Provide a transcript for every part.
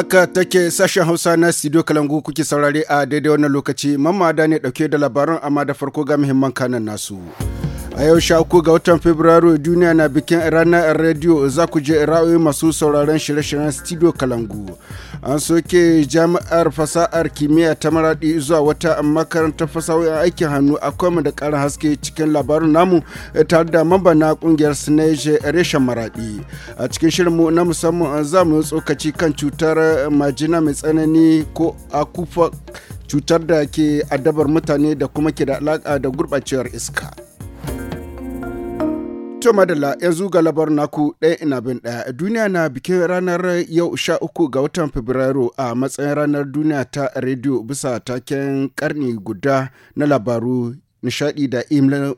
Haka take sashen Hausa na Studio Kalangu kuke saurare a daidai wannan lokaci, mamada ne dauke da labaran amma da farko ga muhimman kanan nasu. A yau sha uku ga watan Fabrairu duniya na bikin ranar rediyo za ku je ra'ayoyi masu sauraron shirye-shiryen Studio Kalangu. an soke jami'ar fasahar kimiyya ta maradi zuwa wata makarantar fasahohin aikin hannu a akwai da ƙara haske cikin labarin namu eh, tare da na kungiyar sinaije reshen maradi a cikin shirinmu na musamman eh, za mu tsokaci kan cutar eh, majina mai tsanani ko akufa cutar da ke addabar mutane da kuma ke da alaƙa da gurɓacewar iska. To madalla yanzu ga labar naku ɗaya ina bin ɗaya duniya na bikin ranar yau sha uku ga watan Fabrairu a matsayin ranar duniya ta rediyo bisa taken karni guda na labaru nishadi da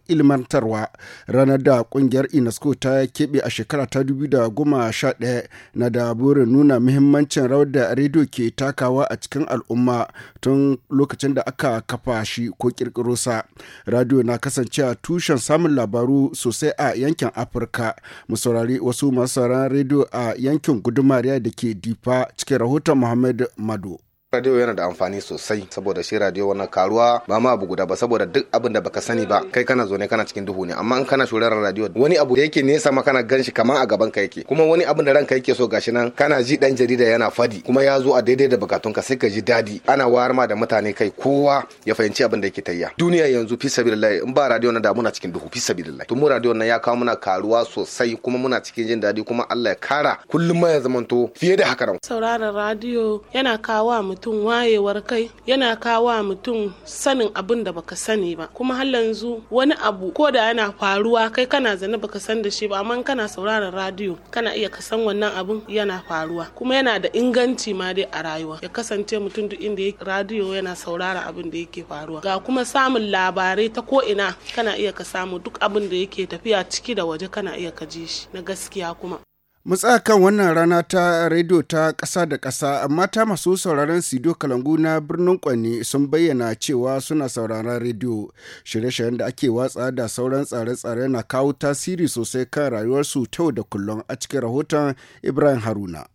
ilmantarwa ranar da kungiyar unesco ta keɓe a shekara ta goma sha 2011 na da burin nuna muhimmancin rawar da rediyo ke takawa a cikin al'umma tun lokacin da aka kafa shi ko kirkiro sa radio na kasancewa tushen samun labaru sosai a yankin afirka mu wasu masu rediyo a yankin gudumariya da ke difa cikin rahoton muhammad mado radio yana da amfani sosai saboda shi radio wannan karuwa ba ma abu guda ba saboda duk abin da baka sani ba kai kana zo ne kana cikin duhu ne amma in kana shurarar radio wani abu da yake nesa ma kana ganshi kamar a gaban ka yake kuma wani abin da ranka yake so gashi nan kana ji dan jarida yana fadi kuma ya zo a daidai da bukatun ka sai ka ji dadi ana wayar ma da mutane kai kowa ya fahimci abin da yake tayya duniya yanzu fi sabilillahi in ba radio na da muna cikin duhu fi sabilillahi to mu radio nan ya kawo muna karuwa sosai kuma muna cikin jin dadi kuma Allah ya kara kullum ma ya zamanto fiye da haka sauraron radio yana kawo mutum wayewar kai yana kawa mutum sanin abin da baka sani ba kuma har yanzu wani abu ko da yana faruwa kai kana zane baka san da shi ba amma kana sauraron radiyo kana iya ka san wannan abin yana faruwa kuma yana da inganci ma dai a rayuwa ya kasance mutum duk inda yake radio yana sauraron abin da yake faruwa ga kuma samun labarai ta ko ina kana iya ka samu duk abin da yake tafiya ciki da waje kana iya ka ji shi na gaskiya kuma Mutsa kan wannan rana ta rediyo ta ƙasa da ƙasa, ta masu sauraron Sido Kalangu na birnin Kwani sun bayyana cewa suna sauraron rediyo. Shirye-shiryen da ake watsa da sauran tsare-tsare na kawo tasiri sosai kan rayuwarsu ta da kullum a cikin rahoton Ibrahim Haruna.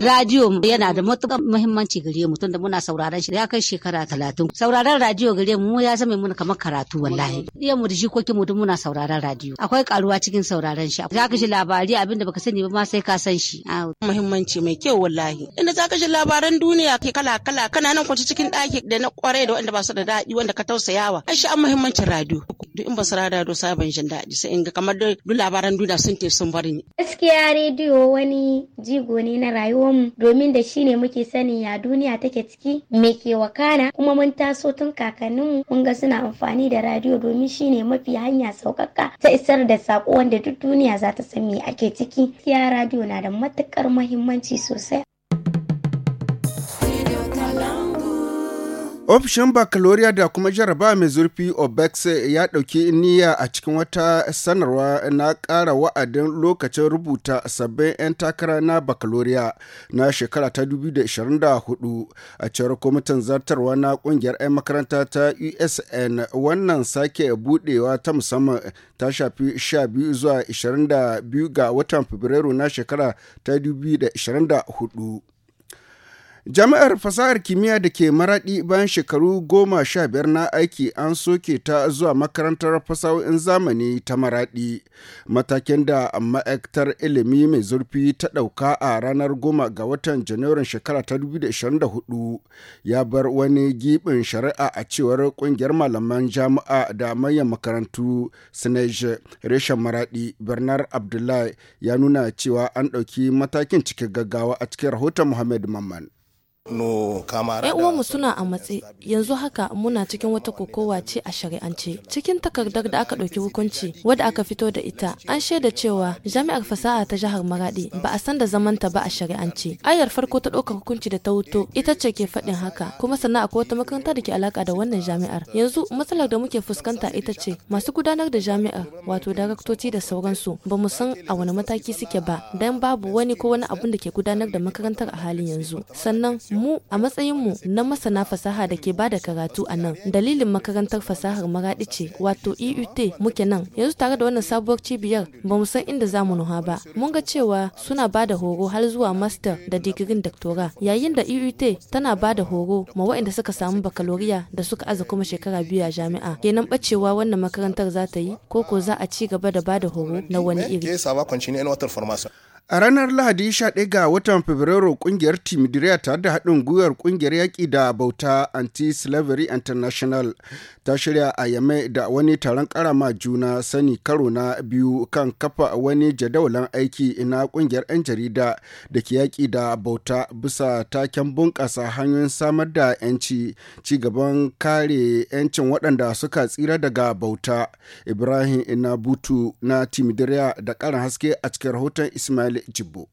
Radiyo yana da matuƙar muhimmanci gare mu tunda muna sauraron shi ya kai shekara talatin. Sauraron radiyo gare mu ya zama mun kamar karatu wallahi. Iya mu da jikokin mu duk muna sauraron radiyo. Akwai karuwa cikin sauraron shi. Za ka ji labari abin da baka sani ba ma sai ka san shi. Muhimmanci mai kyau wallahi. Inda za ka ji labaran duniya ke kala kala kana nan kwanci cikin ɗaki da na kwarai da wanda ba su da daɗi wanda ka tausayawa. Ai shi an muhimmancin radiyo. Duk in ba su rada do sabon jin daɗi sai in ga kamar duk labaran duniya sun te sun bari ni. Gaskiya rediyo wani jigo ne na rayuwa rayuwarmu domin da shi ne muke sani ya duniya take ciki me ke wakana kuma mun taso tun kakanninmu mun ga suna amfani da radiyo domin shi ne mafi hanya saukaka ta isar da saƙo wanda duk duniya za ta san me ake ciki. Ya radiyo na da matuƙar muhimmanci sosai. ofishin baccalaureate da kuma jaraba mai zurfi obex ya dauki niyya a cikin wata sanarwa na kara wa'adin lokacin rubuta sabbin 'yan takara na baccalaureate na shekara ta 2024 a cewar kwamitin zartarwa na kungiyar 'yan makaranta ta usn wannan sake budewa ta musamman ta shafi 12 zuwa 22 ga watan fabrairu na shekara ta 2024 Jami'ar fasahar kimiyya da ke maraɗi bayan shekaru goma sha biyar na aiki an soke ta zuwa makarantar fasahohin zamani ta maraɗi. Matakin da ma'aikatar ilimi mai zurfi ta ɗauka a ranar goma ga watan Janairun shekara ta 2024 ya bar wani gibin shari'a a cewar ƙungiyar malaman jami'a da manyan makarantu Sinej reshen maraɗi Bernard Abdullahi ya nuna cewa an ɗauki matakin cikin gaggawa a cikin rahoton Muhammad Mamman. No, uwanmu suna a matse yanzu haka muna cikin wata kokowa ce a shari'ance cikin takardar da aka ɗauki hukunci wadda aka fito da ita an shaida cewa jami'ar fasaha ta jihar maradi ba a san da zamanta ba a shari'ance ayar farko ta ɗaukar hukunci da ta wuto ita ce ke faɗin haka kuma sannan akwai wata makaranta da ke alaka da wannan jami'ar yanzu matsalar da muke fuskanta ita ce masu gudanar da jami'ar wato daraktoci da sauransu ba mu san a wani mataki suke ba dan babu wani ko wani abun da ke gudanar da makarantar a halin yanzu sannan Mu a matsayinmu na masana fasaha da ke ba da karatu a nan, dalilin makarantar fasahar maraɗi ce wato EUT muke nan. Yanzu tare da wannan sabuwar cibiyar ba mu san inda za mu nuha ba. Mun ga cewa suna ba da horo har zuwa master da digirin doctora yayin da EUT tana ba da horo ma waɗanda suka samu bakaloriya da suka aza kuma shekara biyu a jami'a. Kenan bacewa wannan makarantar za ta yi ko ko za a ci gaba da ba da horo na wani iri. A ranar Lahadi 11 ga watan Fabrairu kungiyar Timidiriya tare da haɗin gwiwar kungiyar yaƙi da bauta Anti-Slavery International ta shirya a yame da wani taron ƙarama juna sani karo na biyu kan kafa wani jadawalin aiki na kungiyar 'yan jarida da ke yaƙi da bauta bisa taken bunƙasa hanyoyin samar da 'yanci ci gaban kare 'yancin waɗanda suka tsira daga bauta. Ibrahim Inabutu na Timidiriya da ƙarin haske a cikin rahoton Ismail جبو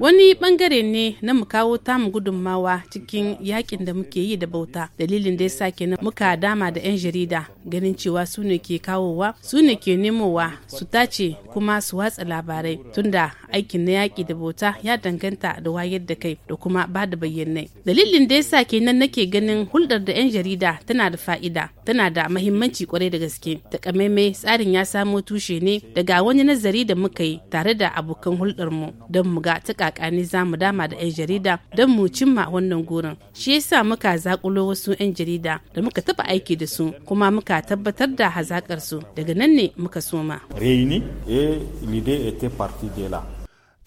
Wani bangare ne na mu kawo tamu gudunmawa cikin yakin da muke yi da bauta. Dalilin da ya sake na muka dama da 'yan jarida ganin cewa su ne ke kawowa, su ne ke nemowa, su tace kuma su watsa labarai. Tunda aikin na yaki da bauta ya danganta da wayar da kai da kuma ba da bayyanai. Dalilin da ya sake nan nake ganin hulɗar da 'yan jarida tana da fa'ida, tana da mahimmanci kwarai da gaske. Takamaimai tsarin ya samo tushe ne daga wani nazari da muka yi tare da abokan hulɗarmu don mu ga ta kakani za mu dama da 'yan jarida don mu cimma wannan gurin shi yasa muka zakulo wasu 'yan jarida da muka taɓa aiki da su kuma muka tabbatar da hazaƙar su daga nan ne muka soma. reini et l'idée était partie de là.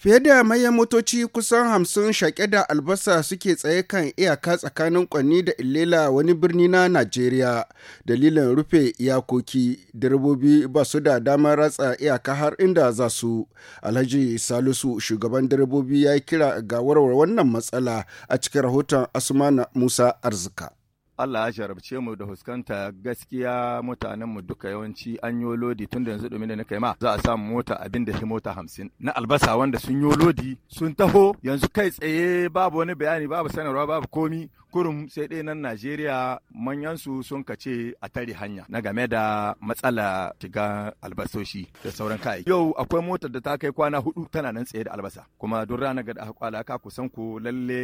Fiye da manyan motoci kusan hamsin shaƙe da albasa suke tsaye kan iyaka tsakanin Kwanni da illela wani birni na Najeriya. Dalilin rufe iyakoki, direbobi ba su da damar ratsa iyaka har inda za su. Alhaji Salisu shugaban direbobi ya yi kira ga warware wannan matsala a cikin rahoton Asmana Musa Arzika. Allah ya jarabce mu da huskanta gaskiya mutanen mu duka yawanci an yi lodi tun da yanzu domin da na ma za a samu mota abin da shi mota hamsin na albasa wanda sun yi lodi sun taho yanzu kai tsaye babu wani bayani babu sanarwa babu komi kurum sai dai nan Najeriya manyansu sun kace a tare hanya na game da matsala shiga albasoshi da sauran kai. Yau akwai motar da ta kai kwana hudu tana nan tsaye da albasa kuma duk rana ga da kwala ka kusan ku lalle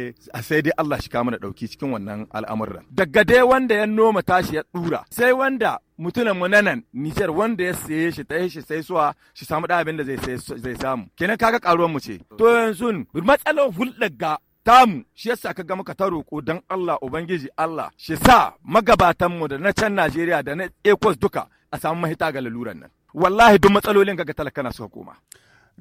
sai dai Allah shi mana dauki cikin wannan al'amuran. Daga dai wanda ya noma tashi ya dura sai wanda mutunan mu nan Nijar wanda ya saye shi ta shi sai suwa shi samu da abin da zai samu. Kenan kaga karuwan mu ce. To yanzu matsalar hulɗar ga tamu shi yasa ka ga muka ta roƙo don Allah ubangiji Allah shi sa magabatanmu da na can Najeriya da na Ecos duka a samu mahita ga laluran nan wallahi duk matsalolin ga talakana su koma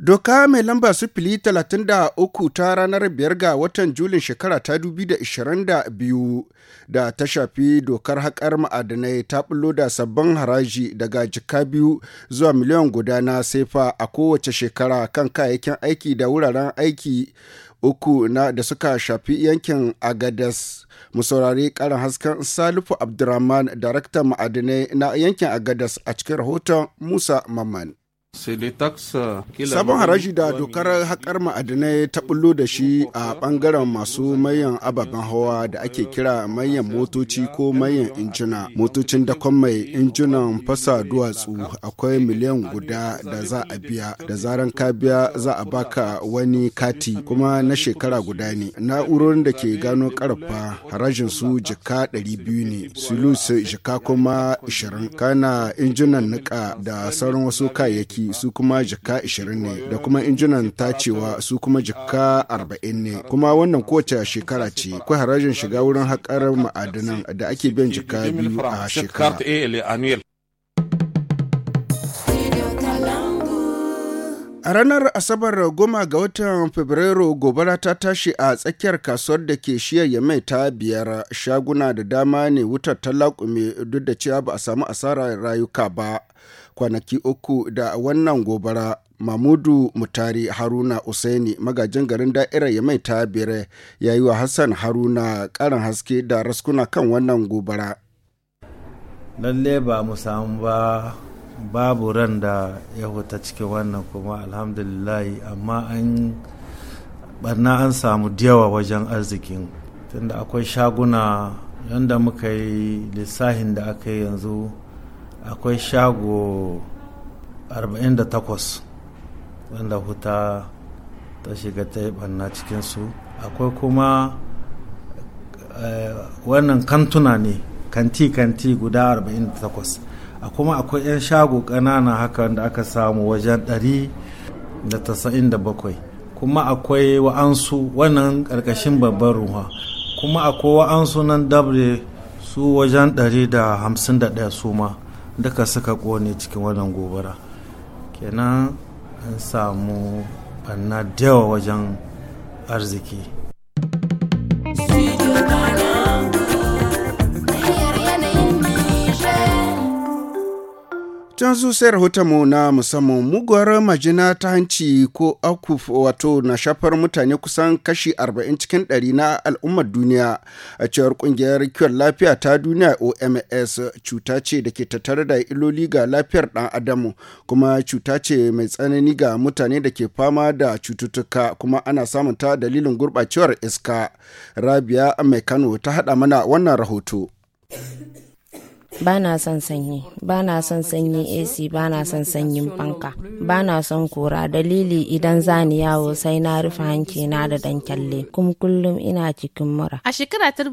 Doka mai lamba sifili 33 ta ranar biyar ga watan Julin shekara ta 2022 da ta shafi dokar haƙar ma'adanai ta bullo da sabbin haraji daga jika biyu zuwa miliyan guda na sefa a kowace shekara kan kayayyakin aiki da wuraren aiki uku na da suka shafi yankin agadas mu saurari karin hasken salifu abdurrahman daraktan ma'adinai na yankin agadas a cikin rahoton musa mamman Uh, Sabon haraji da dokar haƙar ma'adinai ta bullo da shi a ɓangaren masu mayan ababen hawa da ake kira mayan motoci ko mayan injina. Motocin dakon mai injunan fasa duwatsu akwai miliyan guda da za a biya. Da zaran ka biya za a baka wani kati kuma na shekara guda ne. Na'urorin da ke gano karfa harajin su jika ɗari biyu ne. Sulus jika kuma ishirin. Kana injunan niƙa da sauran wasu kayayyaki aiki su kuma jika 20 ne da kuma injunan tacewa su kuma jika 40 ne kuma wannan kowace shekara ce akwai harajin shiga wurin haƙar ma'adanan da ake biyan jika biyu a shekara A ranar Asabar goma ga watan Fabrairu gobara ta tashi a tsakiyar kasuwar da ke shiyar Yamai ta biyar shaguna da dama ne wutar ta laƙume duk da cewa ba a samu asarar rayuka ba. kwanaki uku da wannan gobara mamudu mutari haruna usaini magajin garin da'irar ya mai tabire ya yi wa hassan haruna karin haske da raskuna kan wannan gobara lalle ba mu samu ba babu ran da ya huta cikin wannan kuma alhamdulillah amma an barna an samu yawa wajen arzikin tunda akwai shaguna yadda muka yi lissahin da aka yi yanzu akwai shago 48 wanda huta ta shiga ta yi barna cikinsu akwai kuma eh, wannan kantuna ne kanti-kanti guda 48 a kuma akwai 'yan shago ƙanana haka da aka samu wajen 197 kuma akwai wa'ansu wannan ƙarƙashin babban ruwa kuma akwai wa'ansu nan dabre su wajen 151 su ma duka suka kone cikin wannan gobara kenan an samu banna da wajen arziki Tun rahoton mu na musamman muguwar majina ta hanci ko akuf wato na shafar mutane kusan kashi 40 cikin 100 na al'ummar duniya a cewar kungiyar kiwon lafiya ta duniya OMS cuta ce da ke tattare da iloli ga lafiyar dan adamu kuma cuta ce mai tsanani ga mutane da ke fama da cututtuka kuma ana samun ta dalilin gurbacewar iska. Rabia mai Kano ta haɗa mana wannan rahoto. ba na son sanyi ba na son sanyi ac ba na son sanyin fanka ba na son kora dalili idan zani yawo sai na rufe hanci na da dan kyalle kuma kullum ina cikin mura a shekara ta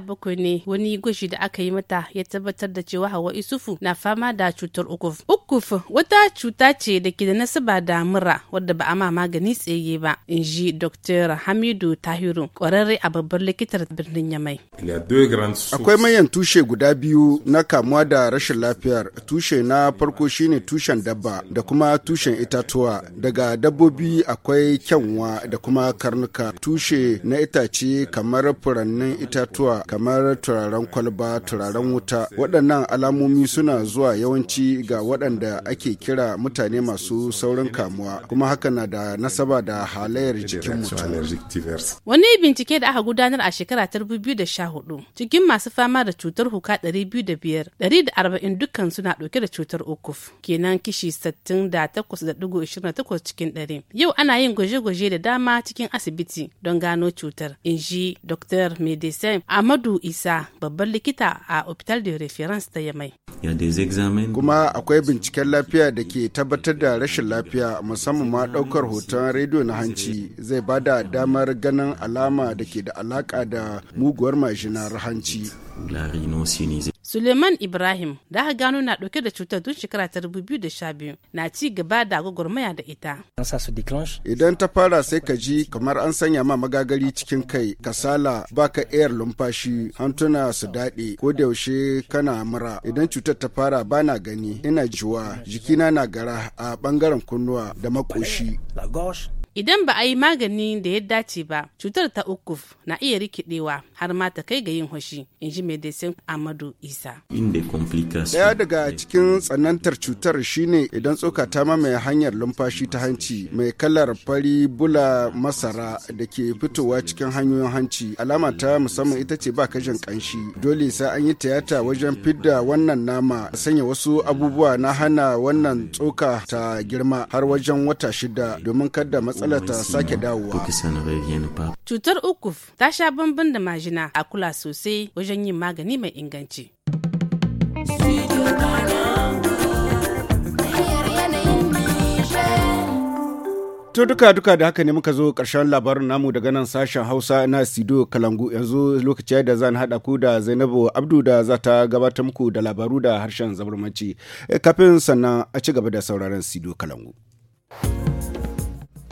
bakwai ne wani gwaji da aka yi mata ya tabbatar da cewa hawa isufu na fama da cutar ukuf ukuf wata cuta ce da ke da nasaba da mura wadda ba a ma magani tsaye ba in ji dr hamidu tahiru kwararre a babbar likitar birnin yamai akwai manyan tushe guda biyu na kamuwa da rashin lafiyar tushe na farko shine tushen dabba da kuma tushen itatuwa daga dabbobi akwai kyanwa da kuma karnuka tushe na itace kamar furannin itatuwa kamar turaren kwalba turaren wuta waɗannan alamomi suna zuwa yawanci ga waɗanda ake kira mutane masu saurin kamuwa kuma haka na da nasaba da halayyar jikin mutum wani bincike da aka gudanar a shekara ta 2014 cikin masu fama da cutar huka 200 da arba'in dukkan suna dauke da cutar ukuf kenan kishi 68.28 cikin 100 yau ana yin gwaje-gwaje da dama cikin asibiti don gano cutar in ji dr medecin amadu isa babban likita a hospital de reference ta yamai kuma akwai binciken lafiya da ke tabbatar da rashin lafiya musamman ma daukar hoton rediyo na hanci zai ba da damar ganin alama da ke da alaka da muguwar majinar hanci Suleiman Ibrahim da aka gano na dauke da cutar tun shekara ta 2012 na ci gaba da gwagwarmaya da ita. Idan ta fara sai ka ji kamar an sanya ma magagari cikin kai kasala baka air lumfashi hantuna su daɗe ko da yaushe kana mura idan cutar ta fara bana gani ina jiwa jikina na gara a bangaren kunnuwa da makoshi Idan ba a yi magani da ya dace ba, cutar ta ukuf na iya rikidewa har ma ta kai ga yin hoshi, in ji medecin Amadu Isa. Daya daga cikin tsanantar cutar shine idan tsoka ta mamaye hanyar lumfashi ta hanci mai kalar fari bula masara da ke fitowa cikin hanyoyin hanci. Alama ta musamman ita ce ba kashin kanshi. Dole sai an yi tiyata wajen fidda wannan nama a sanya wasu abubuwa na hana wannan tsoka ta girma har wajen wata shida domin kada matsa matsalar ta sake euh, dawowa. Cutar ukuf ta sha bamban da majina a kula sosai wajen yin magani mai inganci. To duka duka da haka ne muka zo karshen labarin namu daga nan sashen Hausa na Sido Kalangu yanzu lokaci da zan haɗa ku da Zainabu Abdu da za ta gabatar muku da labaru da harshen zabarmanci eh, kafin sannan a ci gaba da sauraron Sido Kalangu.